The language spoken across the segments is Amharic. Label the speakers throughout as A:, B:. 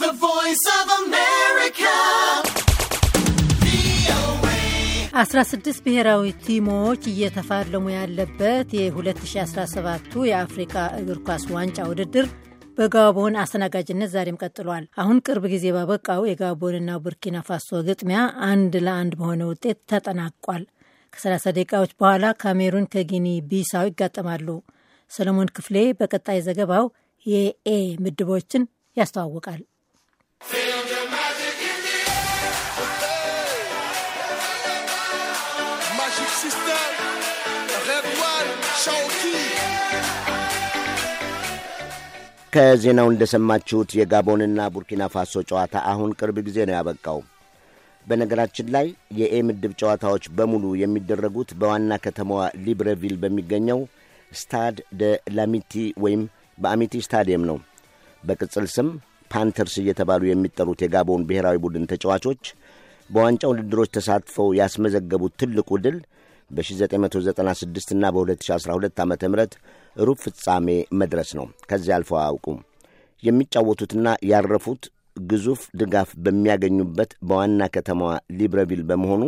A: 16 ብሔራዊ ቲሞች እየተፋለሙ ያለበት የ2017 የአፍሪካ እግር ኳስ ዋንጫ ውድድር በጋቦን አስተናጋጅነት ዛሬም ቀጥሏል። አሁን ቅርብ ጊዜ ባበቃው የጋቦንና ቡርኪና ፋሶ ግጥሚያ አንድ ለአንድ በሆነ ውጤት ተጠናቋል። ከ30 ደቂቃዎች በኋላ ካሜሩን ከጊኒ ቢሳው ይጋጠማሉ። ሰለሞን ክፍሌ በቀጣይ ዘገባው የኤ ምድቦችን ያስተዋውቃል። ከዜናው እንደሰማችሁት የጋቦንና ቡርኪና ፋሶ ጨዋታ አሁን ቅርብ ጊዜ ነው ያበቃው። በነገራችን ላይ የኤ ምድብ ጨዋታዎች በሙሉ የሚደረጉት በዋና ከተማዋ ሊብረቪል በሚገኘው ስታድ ደ ላሚቲ ወይም በአሚቲ ስታዲየም ነው። በቅጽል ስም ፓንተርስ እየተባሉ የሚጠሩት የጋቦን ብሔራዊ ቡድን ተጫዋቾች በዋንጫ ውድድሮች ተሳትፈው ያስመዘገቡት ትልቁ ድል በ1996 እና በ2012 ዓ ም ሩብ ፍጻሜ መድረስ ነው። ከዚያ አልፈው አያውቁም። የሚጫወቱትና ያረፉት ግዙፍ ድጋፍ በሚያገኙበት በዋና ከተማዋ ሊብረቪል በመሆኑ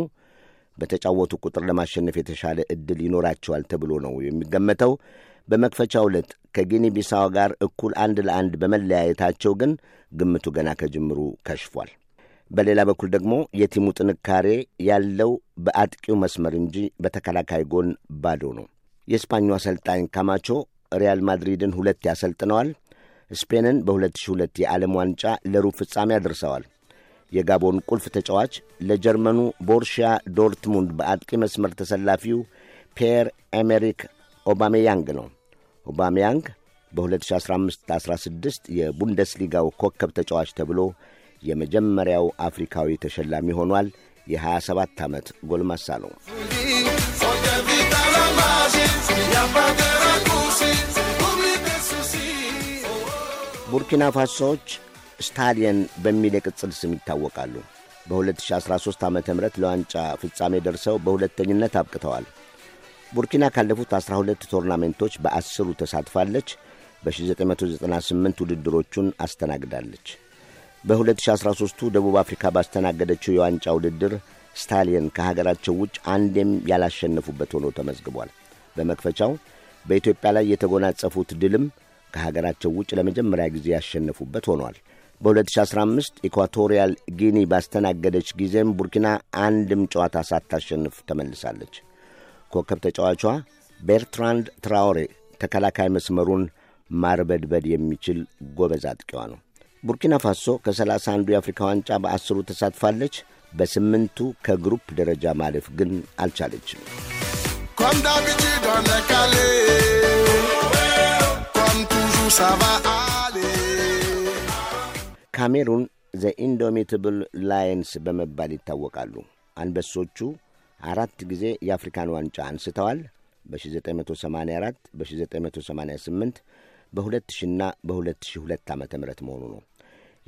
A: በተጫወቱ ቁጥር ለማሸነፍ የተሻለ ዕድል ይኖራቸዋል ተብሎ ነው የሚገመተው። በመክፈቻው ዕለት ከጊኒ ቢሳዋ ጋር እኩል አንድ ለአንድ በመለያየታቸው ግን ግምቱ ገና ከጅምሩ ከሽፏል። በሌላ በኩል ደግሞ የቲሙ ጥንካሬ ያለው በአጥቂው መስመር እንጂ በተከላካይ ጎን ባዶ ነው። የስፓኙ አሰልጣኝ ካማቾ ሪያል ማድሪድን ሁለት ያሰልጥነዋል። ስፔንን በ2002 የዓለም ዋንጫ ለሩብ ፍጻሜ አድርሰዋል። የጋቦን ቁልፍ ተጫዋች ለጀርመኑ ቦርሺያ ዶርትሙንድ በአጥቂ መስመር ተሰላፊው ፒየር ኤሜሪክ ኦባሜያንግ ነው። ኦባሜያንግ በ2015-16 የቡንደስሊጋው ኮከብ ተጫዋች ተብሎ የመጀመሪያው አፍሪካዊ ተሸላሚ ሆኗል። የ27 ዓመት ጎልማሳ ነው። ቡርኪና ፋሶዎች ስታሊየን በሚል የቅጽል ስም ይታወቃሉ። በ2013 ዓ ም ለዋንጫ ፍጻሜ ደርሰው በሁለተኝነት አብቅተዋል። ቡርኪና ካለፉት 12 ቶርናሜንቶች በአስሩ ተሳትፋለች። በ1998 ውድድሮቹን አስተናግዳለች። በ2013ቱ ደቡብ አፍሪካ ባስተናገደችው የዋንጫ ውድድር ስታሊየን ከሀገራቸው ውጭ አንዴም ያላሸነፉበት ሆኖ ተመዝግቧል። በመክፈቻው በኢትዮጵያ ላይ የተጎናጸፉት ድልም ከሀገራቸው ውጭ ለመጀመሪያ ጊዜ ያሸነፉበት ሆኗል። በ2015 ኢኳቶሪያል ጊኒ ባስተናገደች ጊዜም ቡርኪና አንድም ጨዋታ ሳታሸንፍ ተመልሳለች። ኮከብ ተጫዋቿ ቤርትራንድ ትራውሬ ተከላካይ መስመሩን ማርበድበድ የሚችል ጎበዝ አጥቂዋ ነው። ቡርኪና ፋሶ ከሰላሳ አንዱ የአፍሪካ ዋንጫ በአስሩ ተሳትፋለች። በስምንቱ ከግሩፕ ደረጃ ማለፍ ግን አልቻለችም። ካሜሩን ዘ ኢንዶሚትብል ላየንስ በመባል ይታወቃሉ። አንበሶቹ አራት ጊዜ የአፍሪካን ዋንጫ አንስተዋል። በ1984፣ በ1988፣ በ2000ና በ2002 ዓ ም መሆኑ ነው።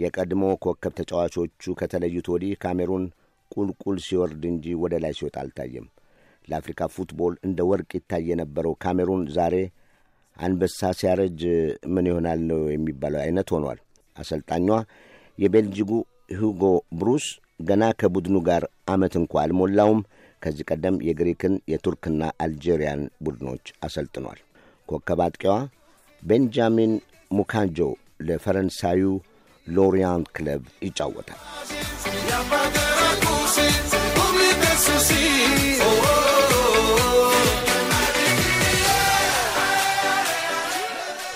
A: የቀድሞ ኮከብ ተጫዋቾቹ ከተለዩት ወዲህ ካሜሩን ቁልቁል ሲወርድ እንጂ ወደ ላይ ሲወጣ አልታየም። ለአፍሪካ ፉትቦል እንደ ወርቅ ይታይ የነበረው ካሜሩን ዛሬ አንበሳ ሲያረጅ ምን ይሆናል ነው የሚባለው አይነት ሆኗል። አሰልጣኟ የቤልጂጉ ሁጎ ብሩስ ገና ከቡድኑ ጋር ዓመት እንኳ አልሞላውም። ከዚህ ቀደም የግሪክን የቱርክና አልጄሪያን ቡድኖች አሰልጥኗል። ኮከብ አጥቂዋ ቤንጃሚን ሙካንጆ ለፈረንሳዩ ሎሪያን ክለብ ይጫወታል።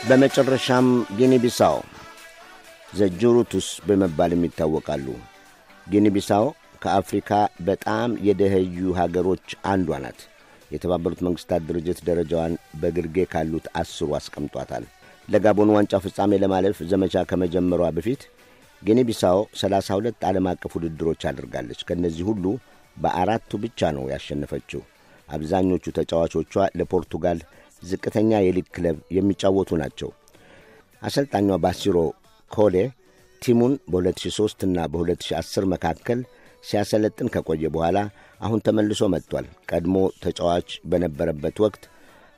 A: በመጨረሻም ጊኒቢሳው ዘጁሩቱስ በመባልም ይታወቃሉ። ጊኒቢሳው ከአፍሪካ በጣም የደህዩ ሀገሮች አንዷ ናት። የተባበሩት መንግሥታት ድርጅት ደረጃዋን በግርጌ ካሉት አስሩ አስቀምጧታል። ለጋቦን ዋንጫ ፍጻሜ ለማለፍ ዘመቻ ከመጀመሯ በፊት ጊኒ ቢሳው 32 ዓለም አቀፍ ውድድሮች አድርጋለች። ከእነዚህ ሁሉ በአራቱ ብቻ ነው ያሸነፈችው። አብዛኞቹ ተጫዋቾቿ ለፖርቱጋል ዝቅተኛ የሊግ ክለብ የሚጫወቱ ናቸው። አሰልጣኟ ባሲሮ ኮሌ ቲሙን በ2003 እና በ2010 መካከል ሲያሰለጥን ከቆየ በኋላ አሁን ተመልሶ መጥቷል። ቀድሞ ተጫዋች በነበረበት ወቅት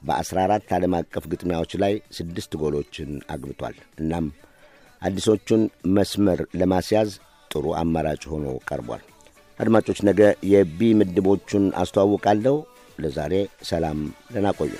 A: በ14 ዓለም አቀፍ ግጥሚያዎች ላይ ስድስት ጎሎችን አግብቷል። እናም አዲሶቹን መስመር ለማስያዝ ጥሩ አማራጭ ሆኖ ቀርቧል። አድማጮች፣ ነገ የቢ ምድቦቹን አስተዋውቃለሁ። ለዛሬ ሰላም፣ ደህና ቆዩ።